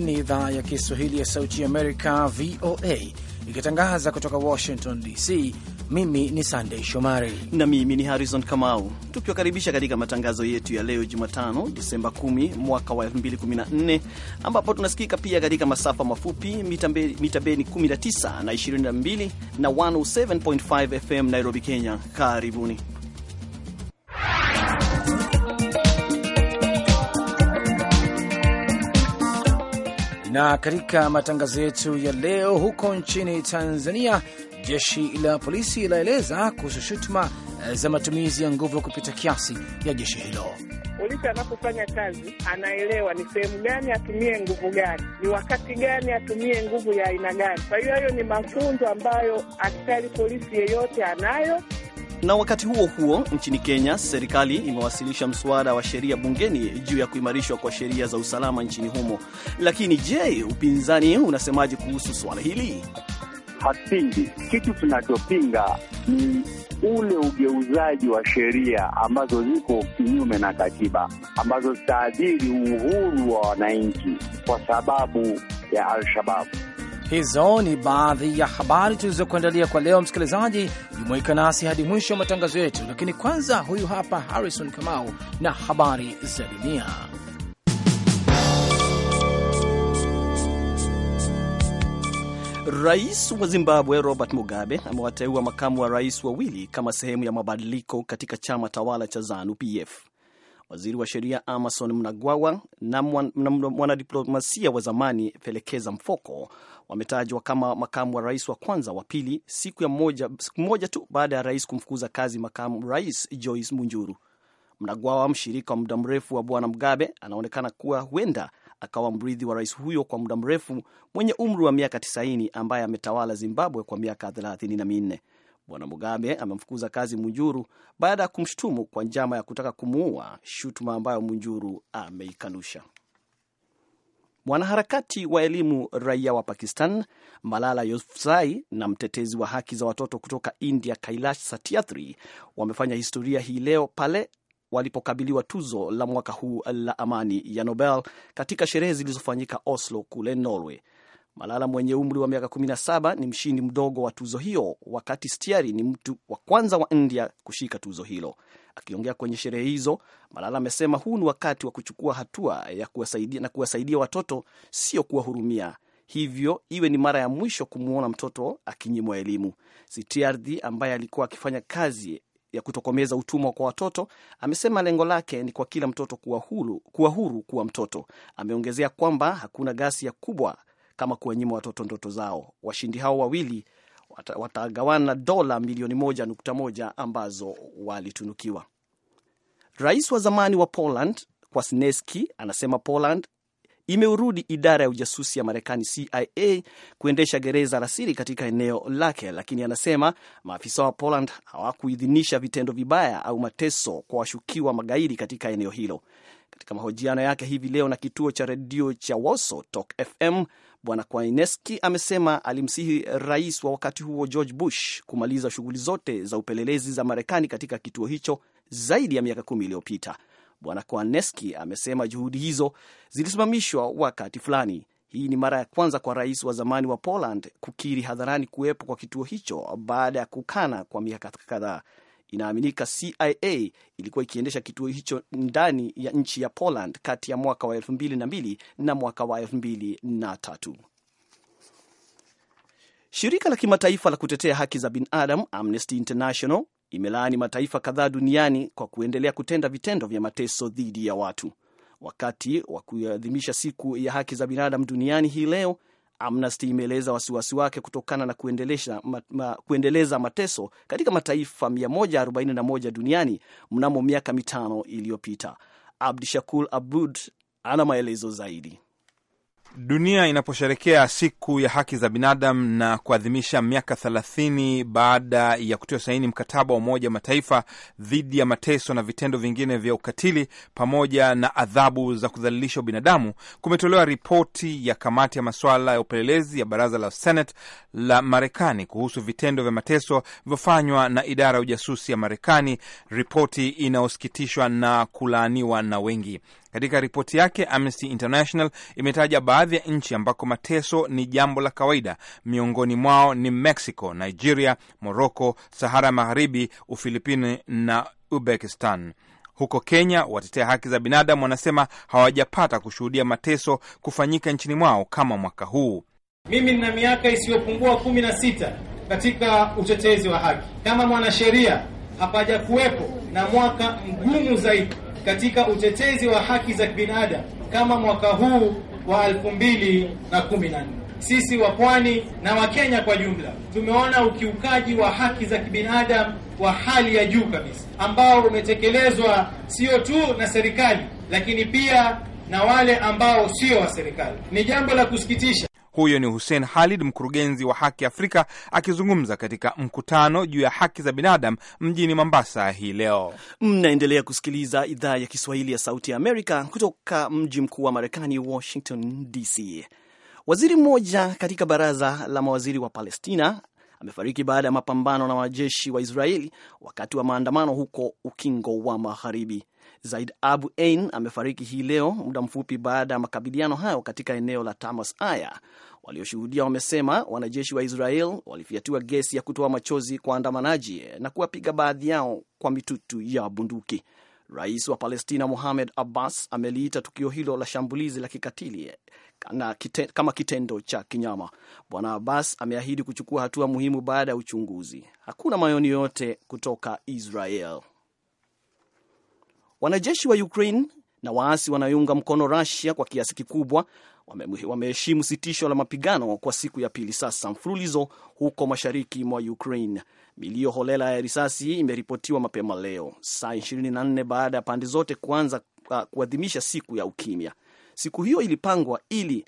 Hii ni idhaa ya Kiswahili ya Sauti Amerika, VOA, ikitangaza kutoka Washington DC. Mimi ni Sandei Shomari na mimi ni Harrison Kamau, tukiwakaribisha katika matangazo yetu ya leo Jumatano, Disemba 10 mwaka wa 2014, ambapo tunasikika pia katika masafa mafupi mita beni 19 na 22 na 107.5 FM Nairobi, Kenya. Karibuni. Na katika matangazo yetu ya leo, huko nchini Tanzania, jeshi la polisi laeleza kuhusu shutuma eh, za matumizi ya nguvu kupita kiasi ya jeshi hilo. Polisi anapofanya kazi anaelewa ni sehemu gani atumie nguvu gani, ni wakati gani atumie nguvu ya aina gani. Kwa hiyo hayo ni mafunzo ambayo askari polisi yeyote anayo na wakati huo huo, nchini Kenya, serikali imewasilisha mswada wa sheria bungeni juu ya kuimarishwa kwa sheria za usalama nchini humo. Lakini je, upinzani unasemaje kuhusu swala hili? Hatupingi. Kitu tunachopinga ni ule ugeuzaji wa sheria ambazo ziko kinyume na katiba, ambazo zitaadhiri uhuru wa wananchi kwa sababu ya Al-Shababu. Hizo ni baadhi ya habari tulizokuandalia kwa leo. Msikilizaji, jumuika nasi hadi mwisho wa matangazo yetu, lakini kwanza, huyu hapa Harrison Kamau na habari za dunia. Rais wa Zimbabwe Robert Mugabe amewateua makamu wa rais wawili kama sehemu ya mabadiliko katika chama tawala cha Zanu PF. Waziri wa sheria Amason Mnagwawa na mwanadiplomasia wa zamani Felekeza Mfoko wametajwa kama makamu wa rais wa kwanza wa pili, siku moja, siku moja tu baada ya rais kumfukuza kazi makamu rais Joyce Munjuru. Mnagwawa, mshirika wa muda mrefu wa bwana Mugabe, anaonekana kuwa huenda akawa mrithi wa rais huyo kwa muda mrefu mwenye umri wa miaka 90 ambaye ametawala Zimbabwe kwa miaka 34. Bwana Mugabe amemfukuza kazi Munjuru baada ya kumshutumu kwa njama ya kutaka kumuua, shutuma ambayo Munjuru ameikanusha. Mwanaharakati wa elimu raia wa Pakistan Malala Yousafzai na mtetezi wa haki za watoto kutoka India Kailash Satyarthi wamefanya historia hii leo pale walipokabiliwa tuzo la mwaka huu la amani ya Nobel katika sherehe zilizofanyika Oslo kule Norway. Malala mwenye umri wa miaka 17 ni mshindi mdogo wa tuzo hiyo, wakati Stiari ni mtu wa kwanza wa India kushika tuzo hilo. Akiongea kwenye sherehe hizo, Malala amesema huu ni wakati wa kuchukua hatua ya kuwasaidia na kuwasaidia watoto, sio kuwahurumia. Hivyo iwe ni mara ya mwisho kumwona mtoto akinyimwa elimu. Sitiardhi ambaye alikuwa akifanya kazi ya kutokomeza utumwa kwa watoto amesema lengo lake ni kwa kila mtoto kuwa huru kuwa, huru kuwa mtoto. Ameongezea kwamba hakuna ghasia kubwa kama kuwanyima watoto ndoto zao. Washindi hao wawili watagawana dola milioni moja nukta moja ambazo walitunukiwa. Rais wa zamani wa Poland Kwasniewski anasema Poland imeurudi idara ya ujasusi ya Marekani CIA kuendesha gereza la siri katika eneo lake, lakini anasema maafisa wa Poland hawakuidhinisha vitendo vibaya au mateso kwa washukiwa magaidi katika eneo hilo. Katika mahojiano yake hivi leo na kituo cha redio cha Warsaw Talk FM, Bwana Kwaineski amesema alimsihi rais wa wakati huo George Bush kumaliza shughuli zote za upelelezi za Marekani katika kituo hicho zaidi ya miaka kumi iliyopita. Bwana Kwaneski amesema juhudi hizo zilisimamishwa wakati fulani. Hii ni mara ya kwanza kwa rais wa zamani wa Poland kukiri hadharani kuwepo kwa kituo hicho baada ya kukana kwa miaka kadhaa. Inaaminika CIA ilikuwa ikiendesha kituo hicho ndani ya nchi ya Poland kati ya mwaka wa 2002 na mwaka wa 2003. Shirika la kimataifa la kutetea haki za binadamu Amnesty International imelaani mataifa kadhaa duniani kwa kuendelea kutenda vitendo vya mateso dhidi ya watu. Wakati wa kuadhimisha siku ya haki za binadamu duniani hii leo, Amnesty imeeleza wasiwasi wake kutokana na kuendeleza, ma, ma, kuendeleza mateso katika mataifa 141 duniani mnamo miaka mitano iliyopita. Abdishakur Abud ana maelezo zaidi. Dunia inaposherekea siku ya haki za binadamu na kuadhimisha miaka thelathini baada ya kutia saini mkataba wa Umoja wa Mataifa dhidi ya mateso na vitendo vingine vya ukatili pamoja na adhabu za kudhalilisha binadamu, kumetolewa ripoti ya kamati ya masuala ya upelelezi ya baraza la Senate la Marekani kuhusu vitendo vya mateso vilivyofanywa na idara ya ujasusi ya Marekani, ripoti inayosikitishwa na kulaaniwa na wengi. Katika ripoti yake, Amnesty International imetaja baadhi ya nchi ambako mateso ni jambo la kawaida. Miongoni mwao ni Mexico, Nigeria, Morocco, Sahara ya Magharibi, Ufilipini na Uzbekistan. Huko Kenya, watetea haki za binadamu wanasema hawajapata kushuhudia mateso kufanyika nchini mwao kama mwaka huu. Mimi nina miaka isiyopungua kumi na sita katika utetezi wa haki. Kama mwanasheria, hapajakuwepo na mwaka mgumu zaidi katika utetezi wa haki za binadamu kama mwaka huu wa 2014. Sisi wa Pwani na Wakenya kwa jumla tumeona ukiukaji wa haki za kibinadamu wa hali ya juu kabisa ambao umetekelezwa sio tu na serikali, lakini pia na wale ambao sio wa serikali. Ni jambo la kusikitisha huyo ni Hussein Khalid, mkurugenzi wa Haki Afrika, akizungumza katika mkutano juu ya haki za binadamu mjini Mombasa hii leo. Mnaendelea kusikiliza idhaa ya Kiswahili ya Sauti ya Amerika kutoka mji mkuu wa Marekani, Washington DC. Waziri mmoja katika baraza la mawaziri wa Palestina amefariki baada ya mapambano na wanajeshi wa Israeli wakati wa maandamano huko Ukingo wa Magharibi. Zaid Abu Ain amefariki hii leo muda mfupi baada ya makabiliano hayo katika eneo la Tamas Aya. Walioshuhudia wamesema wanajeshi wa Israel walifyatua gesi ya kutoa machozi kwa andamanaji na kuwapiga baadhi yao kwa mitutu ya bunduki. Rais wa Palestina muhamed Abbas ameliita tukio hilo la shambulizi la kikatili na kite, kama kitendo cha kinyama. Bwana Abbas ameahidi kuchukua hatua muhimu baada ya uchunguzi. Hakuna maoni yoyote kutoka Israel. Wanajeshi wa Ukraine na waasi wanayounga mkono Russia kwa kiasi kikubwa wameheshimu sitisho la mapigano kwa siku ya pili sasa mfululizo huko mashariki mwa Ukraine. Milio holela ya risasi imeripotiwa mapema leo, saa 24 baada ya pande zote kuanza uh, kuadhimisha siku ya ukimya. Siku hiyo ilipangwa ili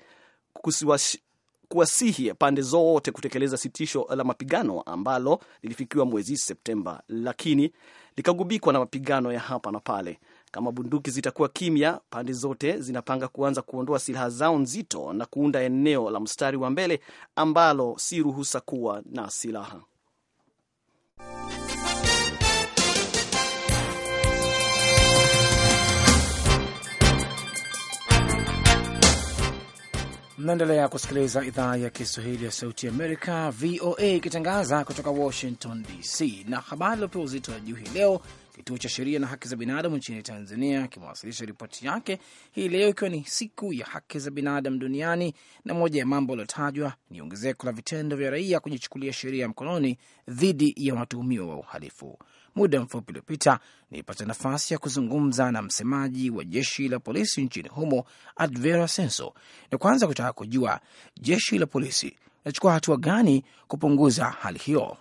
kuwasihi pande zote kutekeleza sitisho la mapigano ambalo lilifikiwa mwezi Septemba, lakini likagubikwa na mapigano ya hapa na pale. Kama bunduki zitakuwa kimya, pande zote zinapanga kuanza kuondoa silaha zao nzito na kuunda eneo la mstari wa mbele ambalo si ruhusa kuwa na silaha. Mnaendelea kusikiliza idhaa ya Kiswahili ya Sauti Amerika, VOA, ikitangaza kutoka Washington DC. Na habari iliopewa uzito wa juu hii leo, kituo cha sheria na haki za binadamu nchini Tanzania kimewasilisha ripoti yake hii leo, ikiwa ni siku ya haki za binadamu duniani, na moja ya mambo yaliyotajwa ni ongezeko la vitendo vya raia kujichukulia sheria mkononi dhidi ya watuhumiwa wa uhalifu muda mfupi uliopita nilipata nafasi ya kuzungumza na msemaji wa jeshi la polisi nchini humo Advera Senso, na kwanza kutaka kujua jeshi la polisi linachukua hatua gani kupunguza hali hiyo.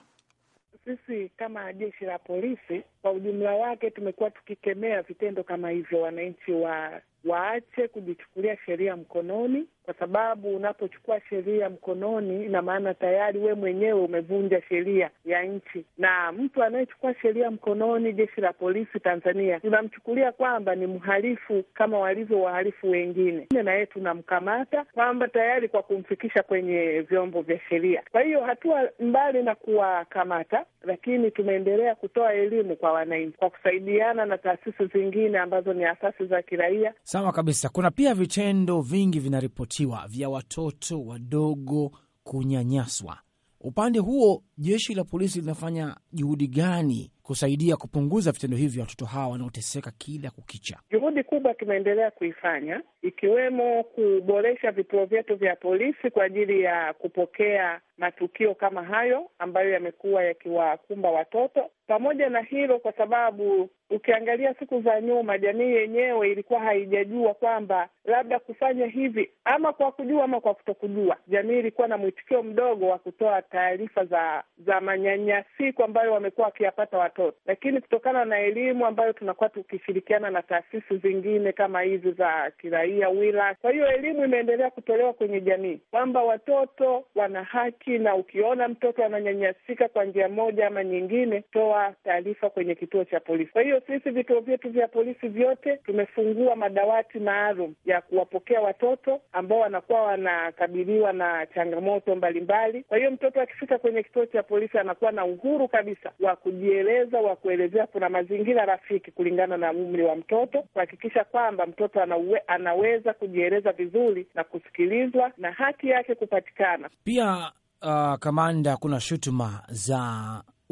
Sisi kama jeshi la polisi kwa ujumla wake tumekuwa tukikemea vitendo kama hivyo wananchi wa waache kujichukulia sheria mkononi, kwa sababu unapochukua sheria mkononi, ina maana tayari we mwenyewe umevunja sheria ya nchi. Na mtu anayechukua sheria mkononi, jeshi la polisi Tanzania tunamchukulia kwamba ni mhalifu kama walivyo wahalifu wengine, na yeye tunamkamata kwamba tayari kwa kumfikisha kwenye vyombo vya sheria. Kwa hiyo hatua mbali na kuwakamata, lakini tumeendelea kutoa elimu kwa wananchi kwa kusaidiana na taasisi zingine ambazo ni asasi za kiraia. Sawa kabisa. Kuna pia vitendo vingi vinaripotiwa vya watoto wadogo kunyanyaswa. Upande huo jeshi la polisi linafanya juhudi gani kusaidia kupunguza vitendo hivi vya watoto hawa wanaoteseka kila kukicha? Juhudi kubwa tunaendelea kuifanya ikiwemo kuboresha vituo vyetu vya polisi kwa ajili ya kupokea matukio kama hayo ambayo yamekuwa yakiwakumba watoto, pamoja na hilo, kwa sababu ukiangalia siku za nyuma, jamii yenyewe ilikuwa haijajua kwamba labda kufanya hivi, ama kwa kujua ama kwa kutokujua, jamii ilikuwa na mwitikio mdogo wa kutoa taarifa za za manyanyasiko ambayo wamekuwa wakiyapata watoto. Lakini kutokana na elimu ambayo tunakuwa tukishirikiana na taasisi zingine kama hizi za kiraia wila, kwa hiyo elimu imeendelea kutolewa kwenye jamii kwamba watoto wana haki, na ukiona mtoto ananyanyasika kwa njia moja ama nyingine, toa kutoa taarifa kwenye kituo cha polisi. Kwa hiyo sisi vituo vyetu vya polisi vyote tumefungua madawati maalum ya kuwapokea watoto ambao wanakuwa wanakabiliwa na changamoto mbalimbali. Kwa hiyo mtoto akifika kwenye kituo cha polisi anakuwa na uhuru kabisa wa kujieleza, wa kuelezea. Kuna mazingira rafiki kulingana na umri wa mtoto, kuhakikisha kwamba mtoto anawe, anaweza kujieleza vizuri na kusikilizwa na haki yake kupatikana. Pia uh, kamanda, kuna shutuma za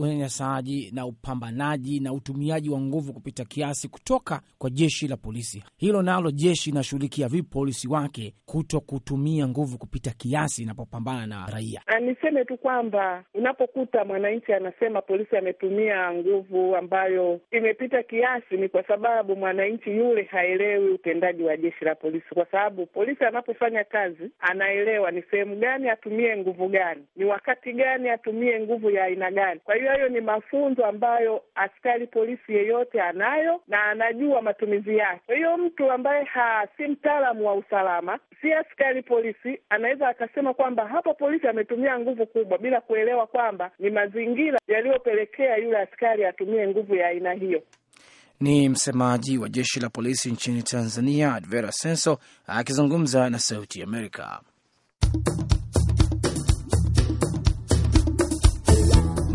unyanyasaji na upambanaji na utumiaji wa nguvu kupita kiasi kutoka kwa jeshi la polisi. Hilo nalo jeshi inashughulikia vipi polisi wake kuto kutumia nguvu kupita kiasi inapopambana na raia? Ah, niseme tu kwamba unapokuta mwananchi anasema polisi ametumia nguvu ambayo imepita kiasi, ni kwa sababu mwananchi yule haelewi utendaji wa jeshi la polisi, kwa sababu polisi anapofanya kazi anaelewa ni sehemu gani atumie nguvu gani, ni wakati gani atumie nguvu ya aina gani. Kwa hiyo hayo ni mafunzo ambayo askari polisi yeyote anayo na anajua matumizi yake. Kwa hiyo mtu ambaye ha, si mtaalamu wa usalama, si askari polisi, anaweza akasema kwamba hapa polisi ametumia nguvu kubwa bila kuelewa kwamba ni mazingira yaliyopelekea yule askari atumie nguvu ya aina hiyo. Ni msemaji wa jeshi la polisi nchini Tanzania, Advera Senso akizungumza na Sauti Amerika.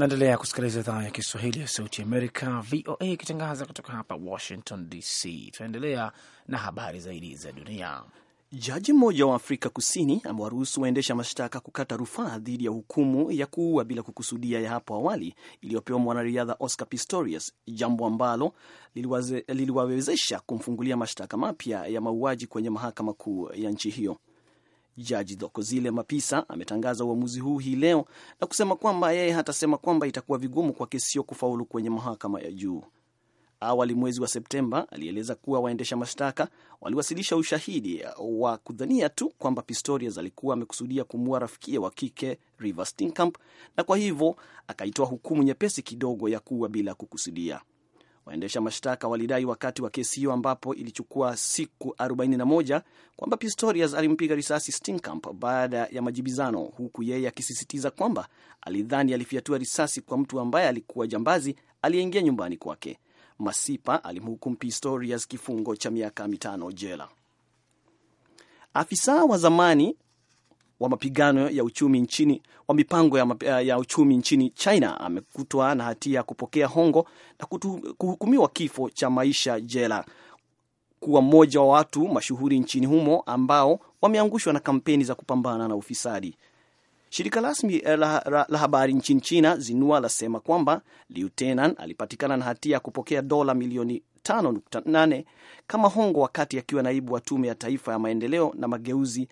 Naendelea kusikiliza idhaa ya Kiswahili ya Sauti Amerika, VOA, ikitangaza kutoka hapa Washington DC. Tunaendelea na habari zaidi za dunia. Jaji mmoja wa Afrika Kusini amewaruhusu waendesha mashtaka kukata rufaa dhidi ya hukumu ya kuua bila kukusudia ya hapo awali iliyopewa mwanariadha Oscar Pistorius, jambo ambalo liliwawezesha kumfungulia mashtaka mapya ya mauaji kwenye mahakama kuu ya nchi hiyo. Jaji Dhokozile Mapisa ametangaza uamuzi huu hii leo na kusema kwamba yeye hatasema kwamba itakuwa vigumu kwa kesi hiyo kufaulu kwenye mahakama ya juu. Awali mwezi wa Septemba alieleza kuwa waendesha mashtaka waliwasilisha ushahidi wa kudhania tu kwamba Pistorius alikuwa amekusudia kumua rafikie wa kike River Steenkamp, na kwa hivyo akaitoa hukumu nyepesi kidogo ya kuua bila kukusudia. Waendesha mashtaka walidai wakati wa kesi hiyo ambapo ilichukua siku 41 kwamba Pistorius alimpiga risasi Steenkamp baada ya majibizano, huku yeye akisisitiza kwamba alidhani alifyatua risasi kwa mtu ambaye alikuwa jambazi aliyeingia nyumbani kwake. Masipa alimhukumu Pistorius kifungo cha miaka mitano jela. Afisa wa zamani wa mapigano ya uchumi nchini wa mipango ya, ya uchumi nchini China amekutwa na hatia ya kupokea hongo na kutu, kuhukumiwa kifo cha maisha jela kuwa mmoja wa watu mashuhuri nchini humo ambao wameangushwa na kampeni za kupambana na ufisadi. Shirika rasmi eh, la, la, la habari nchini China Zinua lasema kwamba Liu Tenan alipatikana na hatia ya kupokea dola milioni 5.8 kama hongo wakati akiwa naibu wa tume ya taifa ya maendeleo na mageuzi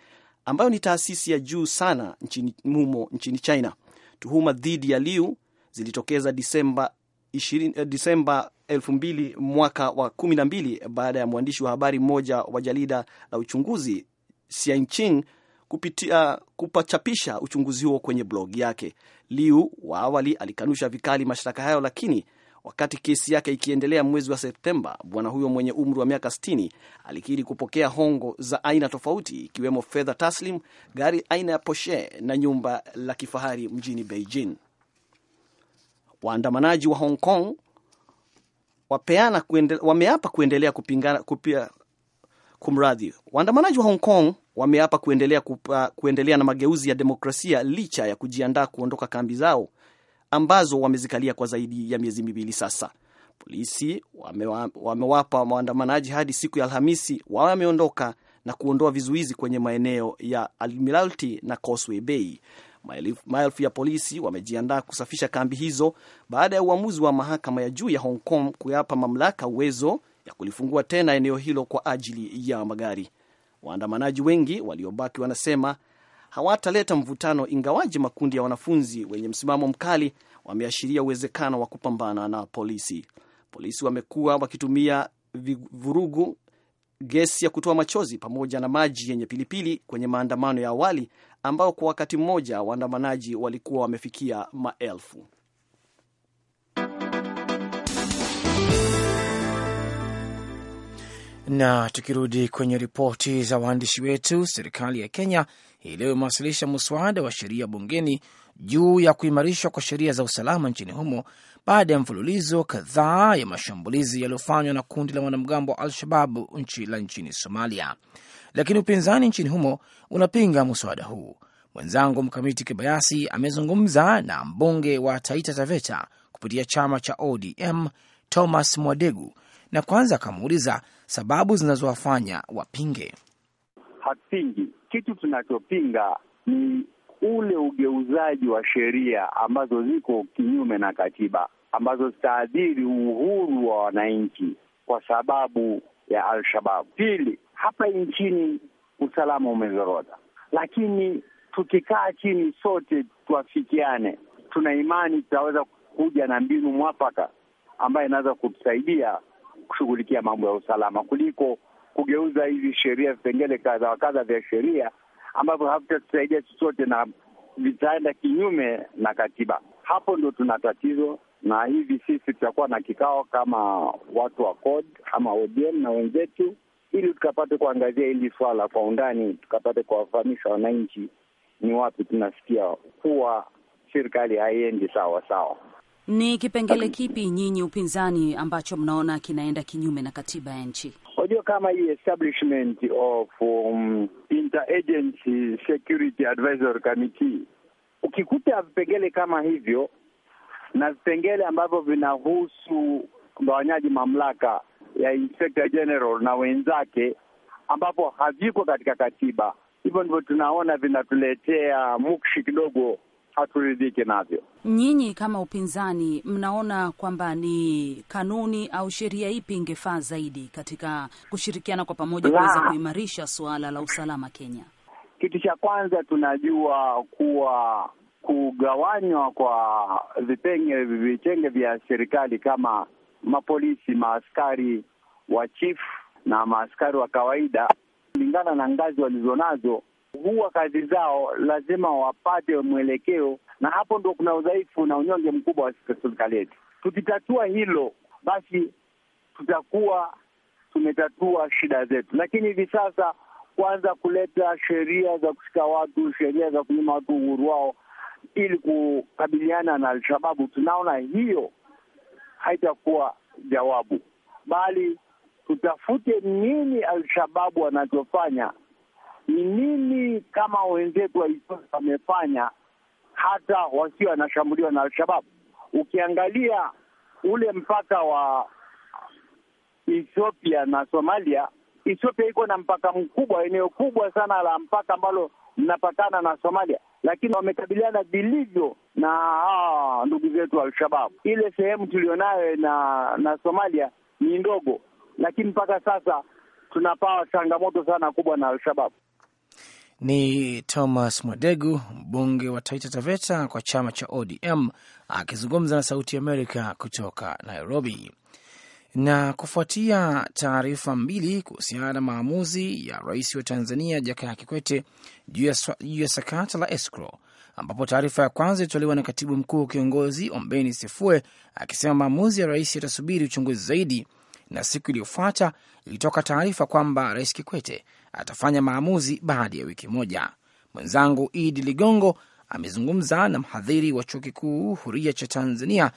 ambayo ni taasisi ya juu sana nchini humo nchini China. Tuhuma dhidi ya Liu zilitokeza Disemba 20, eh, Disemba 2 mwaka wa 12 baada ya mwandishi wa habari mmoja wa jarida la uchunguzi Xianqing kupitia kupachapisha uchunguzi huo kwenye blog yake. Liu wa awali alikanusha vikali mashtaka hayo, lakini Wakati kesi yake ikiendelea mwezi wa Septemba, bwana huyo mwenye umri wa miaka 60 alikiri kupokea hongo za aina tofauti, ikiwemo fedha taslim, gari aina ya Porsche na nyumba la kifahari mjini Beijing. Waandamanaji wa Hong Kong wapeana wameapa kuendelea kupingana kupia kumradhi, waandamanaji wa Hong Kong wameapa kuendelea, kupa, kuendelea na mageuzi ya demokrasia licha ya kujiandaa kuondoka kambi zao ambazo wamezikalia kwa zaidi ya miezi miwili sasa. Polisi wamewapa wame waandamanaji hadi siku ya Alhamisi wawe wameondoka na kuondoa vizuizi kwenye maeneo ya Admiralty na Causeway Bay. Maelfu ya polisi wamejiandaa kusafisha kambi hizo baada ya uamuzi wa mahakama ya juu ya Hong Kong kuyapa mamlaka uwezo ya kulifungua tena eneo hilo kwa ajili ya magari. Waandamanaji wengi waliobaki wanasema hawataleta mvutano, ingawaji makundi ya wanafunzi wenye msimamo mkali wameashiria uwezekano wa kupambana na polisi. Polisi wamekuwa wakitumia vurugu, gesi ya kutoa machozi pamoja na maji yenye pilipili kwenye maandamano ya awali, ambao kwa wakati mmoja waandamanaji walikuwa wamefikia maelfu. Na tukirudi kwenye ripoti za waandishi wetu, serikali ya Kenya hii leo imewasilisha mswada wa sheria bungeni juu ya kuimarishwa kwa sheria za usalama nchini humo baada ya mfululizo kadhaa ya mashambulizi yaliyofanywa na kundi la wanamgambo wa Al-Shababu nchi la nchini Somalia, lakini upinzani nchini humo unapinga mswada huu. Mwenzangu Mkamiti Kibayasi amezungumza na mbunge wa Taita Taveta kupitia chama cha ODM Thomas Mwadegu, na kwanza akamuuliza sababu zinazowafanya wapinge. Hatupingi kitu, tunachopinga ni ule ugeuzaji wa sheria ambazo ziko kinyume na katiba ambazo zitaadhiri uhuru wa wananchi kwa sababu ya Al-Shabab. Pili, hapa nchini usalama umezorota, lakini tukikaa chini sote tuafikiane, tuna imani tutaweza kuja na mbinu mwafaka ambayo inaweza kutusaidia kushughulikia mambo ya usalama kuliko kugeuza hizi sheria vipengele kadha wa kadha vya sheria ambavyo havitatusaidia chochote na vitaenda kinyume na katiba. Hapo ndo tuna tatizo, na hivi sisi tutakuwa na kikao kama watu wa CORD ama ODM na wenzetu, ili tukapate kuangazia hili swala kwa undani, tukapate kuwafahamisha wananchi ni wapi tunasikia kuwa serikali haiendi sawa sawa. Ni kipengele kipi nyinyi upinzani ambacho mnaona kinaenda kinyume na katiba ya nchi? Unajua, kama hii establishment of um, interagency security advisory committee, ukikuta vipengele kama hivyo na vipengele ambavyo vinahusu mgawanyaji mamlaka ya inspector general na wenzake, ambapo haviko katika katiba, hivyo ndivyo tunaona vinatuletea mukshi kidogo haturidhiki navyo. Nyinyi kama upinzani, mnaona kwamba ni kanuni au sheria ipi ingefaa zaidi katika kushirikiana kwa pamoja kuweza kuimarisha suala la usalama Kenya? Kitu cha kwanza tunajua kuwa kugawanywa kwa vipenge vitenge vya serikali kama mapolisi, maaskari wa chief na maaskari wa kawaida kulingana na ngazi walizonazo kuvua kazi zao lazima wapate mwelekeo, na hapo ndo kuna udhaifu na unyonge mkubwa wa serikali yetu. Tukitatua hilo, basi tutakuwa tumetatua shida zetu. Lakini hivi sasa kwanza kuleta sheria za kushika watu, sheria za kunyima watu uhuru wao ili kukabiliana na Alshababu, tunaona hiyo haitakuwa jawabu, bali tutafute nini Alshababu anachofanya ni nini kama wenzetu wa Ethiopia wamefanya hata wasio wanashambuliwa na Alshababu. Ukiangalia ule mpaka wa Ethiopia na Somalia, Ethiopia iko na mpaka mkubwa, eneo kubwa sana la mpaka ambalo linapakana na Somalia, lakini wamekabiliana vilivyo na hawa ndugu zetu Alshababu. Ile sehemu tulionayo na na Somalia ni ndogo, lakini mpaka sasa tunapaa changamoto sana kubwa na Alshababu. Ni Thomas Mwadegu, mbunge wa Taita Taveta kwa chama cha ODM akizungumza na Sauti Amerika kutoka Nairobi. Na kufuatia taarifa mbili kuhusiana na maamuzi ya rais wa Tanzania Jakaya Kikwete juu ya sakata la escrow, ambapo taarifa ya kwanza ilitolewa na katibu mkuu kiongozi Ombeni Sefue akisema maamuzi ya rais yatasubiri uchunguzi zaidi, na siku iliyofuata ilitoka taarifa kwamba rais Kikwete atafanya maamuzi baada ya wiki moja. Mwenzangu Idi Ligongo amezungumza na mhadhiri wa chuo kikuu huria cha Tanzania,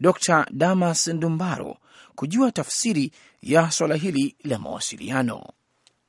Dr Damas Ndumbaro, kujua tafsiri ya swala hili la mawasiliano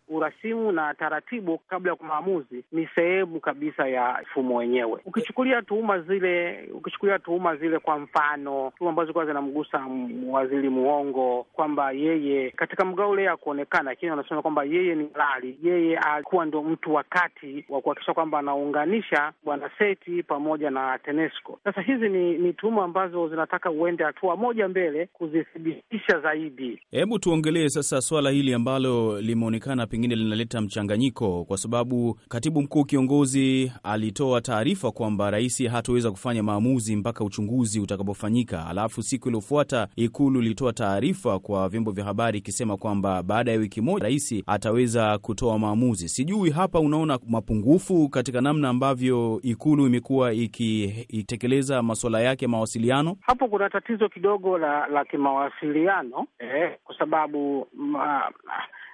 urasimu na taratibu kabla ya maamuzi ni sehemu kabisa ya mfumo wenyewe. Ukichukulia tuhuma zile, ukichukulia tuhuma zile, kwa mfano tuhuma ambazo zilikuwa zinamgusa waziri Muongo kwamba yeye katika mgao ule ya kuonekana, lakini wanasema kwamba yeye ni halali, yeye alikuwa ndio mtu wakati wa kuhakikisha kwamba anaunganisha bwana Seti pamoja na TANESCO. Sasa hizi ni, ni tuhuma ambazo zinataka uende hatua moja mbele kuzithibitisha zaidi. Hebu tuongelee sasa swala hili ambalo limeonekana pengine linaleta mchanganyiko, kwa sababu katibu mkuu kiongozi alitoa taarifa kwamba rais hataweza kufanya maamuzi mpaka uchunguzi utakapofanyika. Alafu siku iliyofuata Ikulu ilitoa taarifa kwa vyombo vya habari ikisema kwamba baada ya wiki moja rais ataweza kutoa maamuzi. Sijui hapa unaona mapungufu katika namna ambavyo Ikulu imekuwa ikitekeleza masuala yake ya mawasiliano. Hapo kuna tatizo kidogo la, la kimawasiliano eh, kwa sababu ma,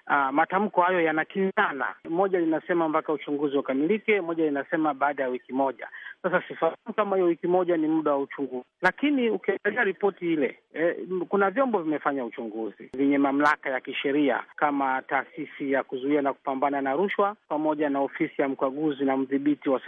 Uh, matamko hayo yanakinzana. Moja linasema mpaka uchunguzi ukamilike, moja linasema baada ya wiki moja. Sasa sifahamu kama hiyo wiki moja ni muda wa uchunguzi, lakini ukiangalia ripoti ile eh, kuna vyombo vimefanya uchunguzi vyenye mamlaka ya kisheria kama taasisi ya kuzuia na kupambana na rushwa pamoja na ofisi ya mkaguzi na mdhibiti wa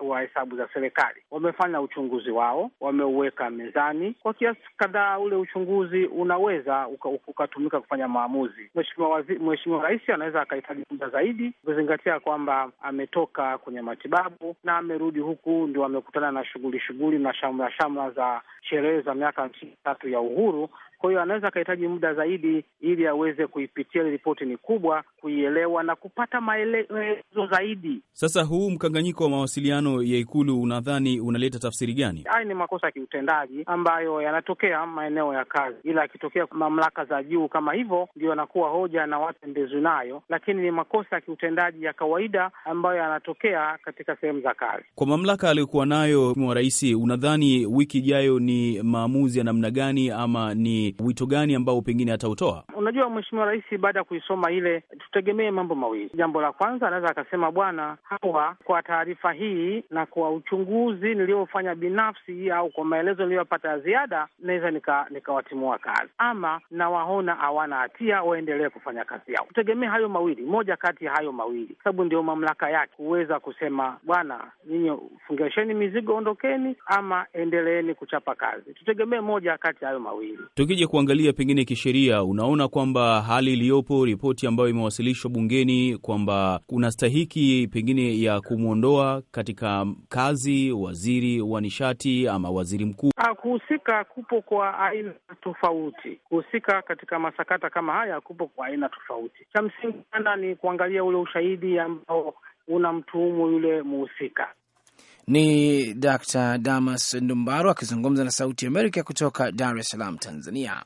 wa hesabu za serikali wamefanya uchunguzi wao, wameuweka mezani. Kwa kiasi kadhaa ule uchunguzi unaweza ukatumika uka, uka kufanya maamuzi. Mheshimiwa waziri Mheshimiwa Rais anaweza akahitaji muda zaidi, ukizingatia kwamba ametoka kwenye matibabu na amerudi huku, ndio amekutana na shughuli shughuli na shamra shamra za sherehe za miaka hamsini tatu ya uhuru. Kwa hiyo anaweza akahitaji muda zaidi ili aweze kuipitia. Ripoti ni kubwa, kuielewa na kupata maelezo zaidi. Sasa huu mkanganyiko wa mawasiliano ya Ikulu unadhani unaleta tafsiri gani? Haya ni makosa ya kiutendaji ambayo yanatokea maeneo ya kazi, ila akitokea mamlaka za juu kama hivyo, ndio yanakuwa hoja na watu nayo, lakini ni makosa ya kiutendaji ya kawaida ambayo yanatokea katika sehemu za kazi. Kwa mamlaka aliyokuwa nayo Mheshimiwa Rais, unadhani wiki ijayo ni maamuzi ya namna gani ama ni wito gani ambao pengine atautoa? Unajua Mheshimiwa Rais baada ya kuisoma ile tutegemee mambo mawili. Jambo la kwanza, anaweza akasema bwana, hawa kwa taarifa hii na kwa uchunguzi niliyofanya binafsi au kwa maelezo niliyopata ya ziada, naweza nikawatimua nika kazi, ama nawaona hawana hatia, waendelee kufanya kazi yao. Tutegemee hayo mawili, moja kati ya hayo mawili, sababu ndio mamlaka yake kuweza kusema bwana, nyinyi fungesheni mizigo, ondokeni, ama endeleeni kuchapa kazi. Tutegemee moja kati ya hayo mawili. Tukija kuangalia pengine kisheria, unaona kwamba hali iliyopo, ripoti ambayo imewasili kuwasilishwa bungeni kwamba kuna stahiki pengine ya kumwondoa katika kazi waziri wa nishati ama waziri mkuu? Ah, kuhusika kupo kwa aina tofauti, kuhusika katika masakata kama haya kupo kwa aina tofauti. Cha msingi sana ni kuangalia ule ushahidi ambao una mtuhumu yule mhusika Ni Dr. Damas Ndumbaro akizungumza na Sauti ya Amerika kutoka Dar es Salaam, Tanzania.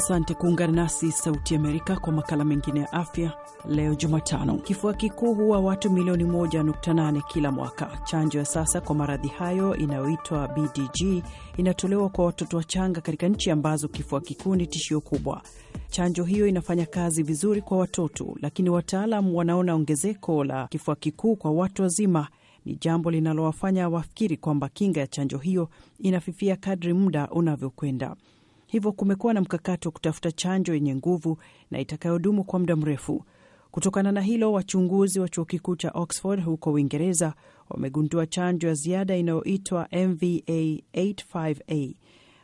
Asante kuungana nasi Sauti Amerika kwa makala mengine ya afya leo Jumatano. Kifua kikuu huwa watu milioni 1.8 kila mwaka. Chanjo ya sasa kwa maradhi hayo inayoitwa bdg inatolewa kwa watoto wachanga katika nchi ambazo kifua kikuu ni tishio kubwa. Chanjo hiyo inafanya kazi vizuri kwa watoto, lakini wataalam wanaona ongezeko la kifua kikuu kwa watu wazima ni jambo linalowafanya wafikiri kwamba kinga ya chanjo hiyo inafifia kadri muda unavyokwenda. Hivyo kumekuwa na mkakati wa kutafuta chanjo yenye nguvu na itakayodumu kwa muda mrefu. Kutokana na hilo, wachunguzi wa chuo kikuu cha Oxford huko Uingereza wamegundua chanjo ya ziada inayoitwa MVA85A.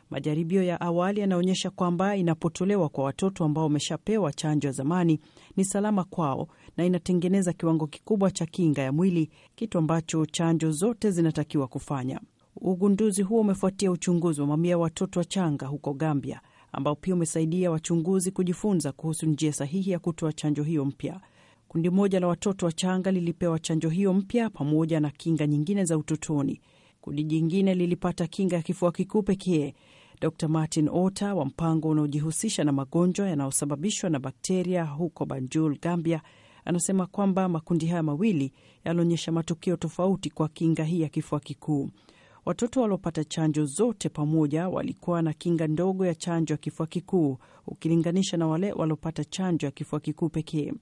Majaribio ya awali yanaonyesha kwamba inapotolewa kwa watoto ambao wameshapewa chanjo ya zamani ni salama kwao na inatengeneza kiwango kikubwa cha kinga ya mwili, kitu ambacho chanjo zote zinatakiwa kufanya. Ugunduzi huo umefuatia uchunguzi wa mamia ya watoto wachanga huko Gambia, ambao pia umesaidia wachunguzi kujifunza kuhusu njia sahihi ya kutoa chanjo hiyo mpya. Kundi moja la watoto wachanga lilipewa chanjo hiyo mpya pamoja na kinga nyingine za utotoni. Kundi jingine lilipata kinga ya kifua kikuu pekee. Dr Martin Ota wa mpango unaojihusisha na magonjwa yanayosababishwa na bakteria huko Banjul, Gambia, anasema kwamba makundi haya mawili yanaonyesha matokeo tofauti kwa kinga hii ya kifua kikuu. Watoto waliopata chanjo zote pamoja walikuwa na kinga ndogo ya chanjo ya kifua kikuu ukilinganisha na wale waliopata chanjo ya kifua kikuu pekee.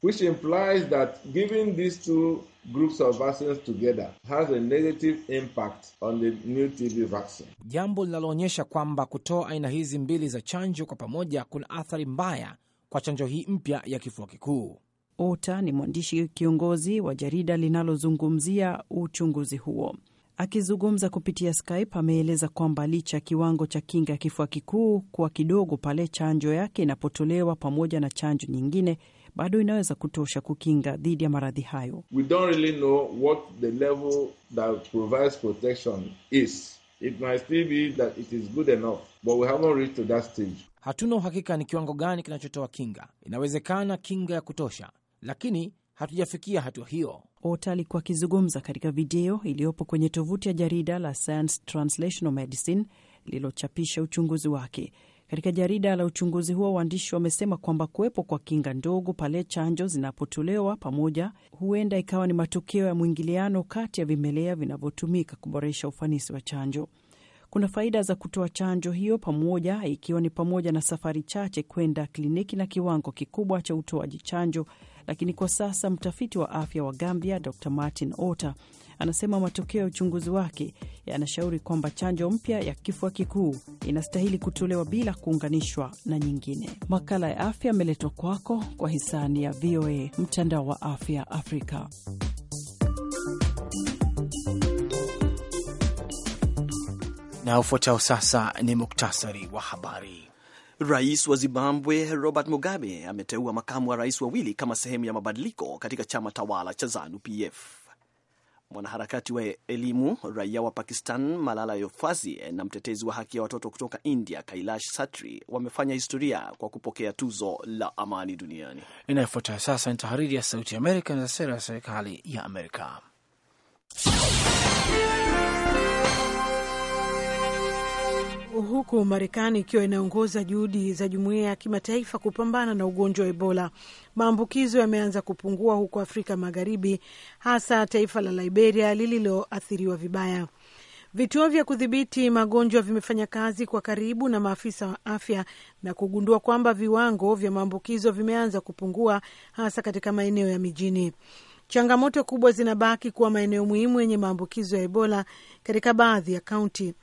Jambo linaloonyesha kwamba kutoa aina hizi mbili za chanjo kwa pamoja kuna athari mbaya kwa chanjo hii mpya ya kifua kikuu. Ota ni mwandishi kiongozi wa jarida linalozungumzia uchunguzi huo. Akizungumza kupitia Skype ameeleza kwamba licha ya kiwango cha kinga ya kifua kikuu kuwa kidogo pale chanjo yake inapotolewa pamoja na chanjo nyingine, bado inaweza kutosha kukinga dhidi ya maradhi hayo. We don't really know what the level that provides protection is. It might still be that it is good enough, but we haven't reached to that stage. Hatuna uhakika ni kiwango gani kinachotoa kinga. Inawezekana kinga ya kutosha, lakini hatujafikia hatua hiyo. Ota alikuwa akizungumza katika video iliyopo kwenye tovuti ya jarida la Science Translational Medicine lililochapisha uchunguzi wake. Katika jarida la uchunguzi huo, waandishi wamesema kwamba kuwepo kwa kinga ndogo pale chanjo zinapotolewa pamoja huenda ikawa ni matokeo ya mwingiliano kati ya vimelea vinavyotumika kuboresha ufanisi wa chanjo. Kuna faida za kutoa chanjo hiyo pamoja, ikiwa ni pamoja na safari chache kwenda kliniki na kiwango kikubwa cha utoaji chanjo lakini kwa sasa mtafiti wa afya wa Gambia Dr Martin Ota anasema matokeo ya uchunguzi wake yanashauri kwamba chanjo mpya ya kifua kikuu inastahili kutolewa bila kuunganishwa na nyingine. Makala ya afya ameletwa kwako kwa hisani ya VOA, mtandao wa afya Afrika. Na ufuatao sasa ni muktasari wa habari. Rais wa Zimbabwe Robert Mugabe ameteua makamu wa rais wawili kama sehemu ya mabadiliko katika chama tawala cha Zanu PF. Mwanaharakati wa elimu raia wa Pakistan Malala Yousafzai na mtetezi wa haki ya watoto kutoka India Kailash Satri wamefanya historia kwa kupokea tuzo la amani duniani. Inayofuata sasa ni tahariri ya Sauti ya Amerika na sera ya serikali ya Amerika. Huku Marekani ikiwa inaongoza juhudi za jumuiya ya kimataifa kupambana na ugonjwa wa Ebola, maambukizo yameanza kupungua huko Afrika Magharibi, hasa taifa la Liberia lililoathiriwa vibaya. Vituo vya kudhibiti magonjwa vimefanya kazi kwa karibu na maafisa wa afya na kugundua kwamba viwango vya maambukizo vimeanza kupungua hasa katika maeneo ya mijini. Changamoto kubwa zinabaki kuwa maeneo muhimu yenye maambukizo ya Ebola katika baadhi ya kaunti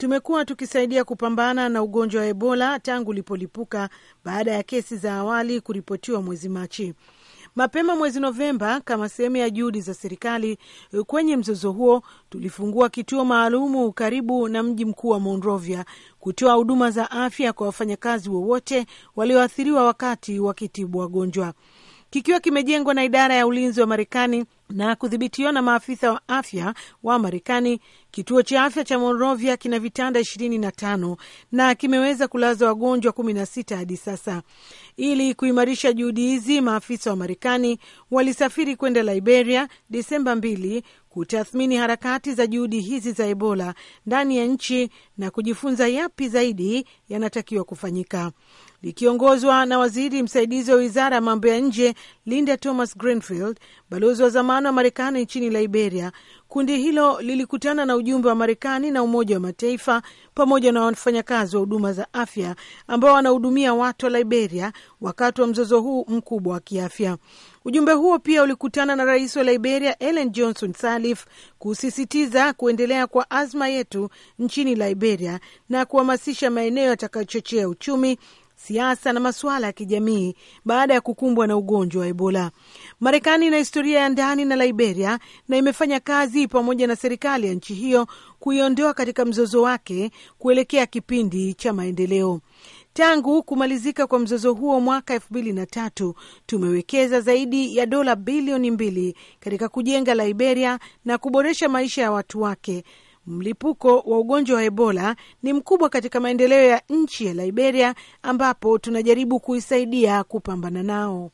Tumekuwa tukisaidia kupambana na ugonjwa wa Ebola tangu ulipolipuka baada ya kesi za awali kuripotiwa mwezi Machi. Mapema mwezi Novemba, kama sehemu ya juhudi za serikali kwenye mzozo huo, tulifungua kituo maalumu karibu na mji mkuu wa Monrovia kutoa huduma za afya kwa wafanyakazi wowote walioathiriwa wakati wakitibu wagonjwa, kikiwa kimejengwa na idara ya ulinzi wa Marekani na kudhibitiwa na maafisa wa afya wa Marekani. Kituo cha afya cha Monrovia kina vitanda ishirini na tano na kimeweza kulaza wagonjwa kumi na sita hadi sasa. Ili kuimarisha juhudi hizi, maafisa wa Marekani walisafiri kwenda Liberia Desemba mbili kutathmini harakati za juhudi hizi za Ebola ndani ya nchi na kujifunza yapi zaidi yanatakiwa kufanyika. Likiongozwa na waziri msaidizi wa wizara ya mambo ya nje Linda Thomas Greenfield, balozi wa zamani mapambano ya Marekani nchini Liberia, kundi hilo lilikutana na ujumbe wa Marekani na Umoja wa Mataifa pamoja na wafanyakazi wa huduma za afya ambao wanahudumia watu wa Liberia wakati wa mzozo huu mkubwa wa kiafya. Ujumbe huo pia ulikutana na rais wa Liberia Ellen Johnson Sirleaf kusisitiza kuendelea kwa azma yetu nchini Liberia na kuhamasisha maeneo yatakayochochea uchumi siasa na masuala ya kijamii baada ya kukumbwa na ugonjwa wa Ebola. Marekani ina historia ya ndani na Liberia na imefanya kazi pamoja na serikali ya nchi hiyo kuiondoa katika mzozo wake kuelekea kipindi cha maendeleo. Tangu kumalizika kwa mzozo huo mwaka elfu mbili na tatu tumewekeza zaidi ya dola bilioni mbili katika kujenga Liberia na kuboresha maisha ya watu wake Mlipuko wa ugonjwa wa Ebola ni mkubwa katika maendeleo ya nchi ya Liberia, ambapo tunajaribu kuisaidia kupambana nao.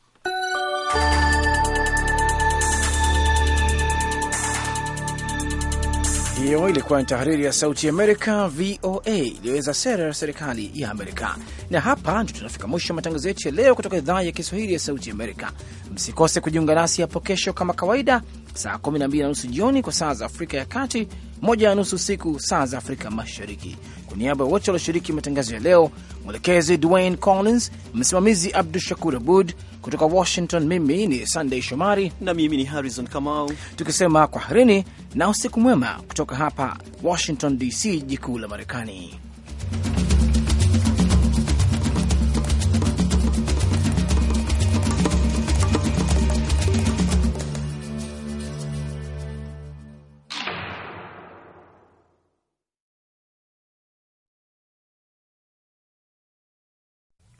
Hiyo ilikuwa ni tahariri ya Sauti Amerika VOA iliyoweza sera ya serikali ya Amerika. Na hapa ndio tunafika mwisho wa matangazo yetu ya leo kutoka idhaa ya Kiswahili ya Sauti Amerika. Msikose kujiunga nasi hapo kesho kama kawaida saa 12 na nusu jioni kwa saa za Afrika ya Kati, moja na nusu usiku saa za Afrika Mashariki. Kwa niaba ya wote walioshiriki matangazo ya leo, mwelekezi Dwayne Collins, msimamizi Abdu Shakur Abud kutoka Washington, mimi ni sandey Shomari na mimi ni Harrison Kamau, tukisema kwaherini na usiku mwema kutoka hapa Washington DC, jikuu la Marekani.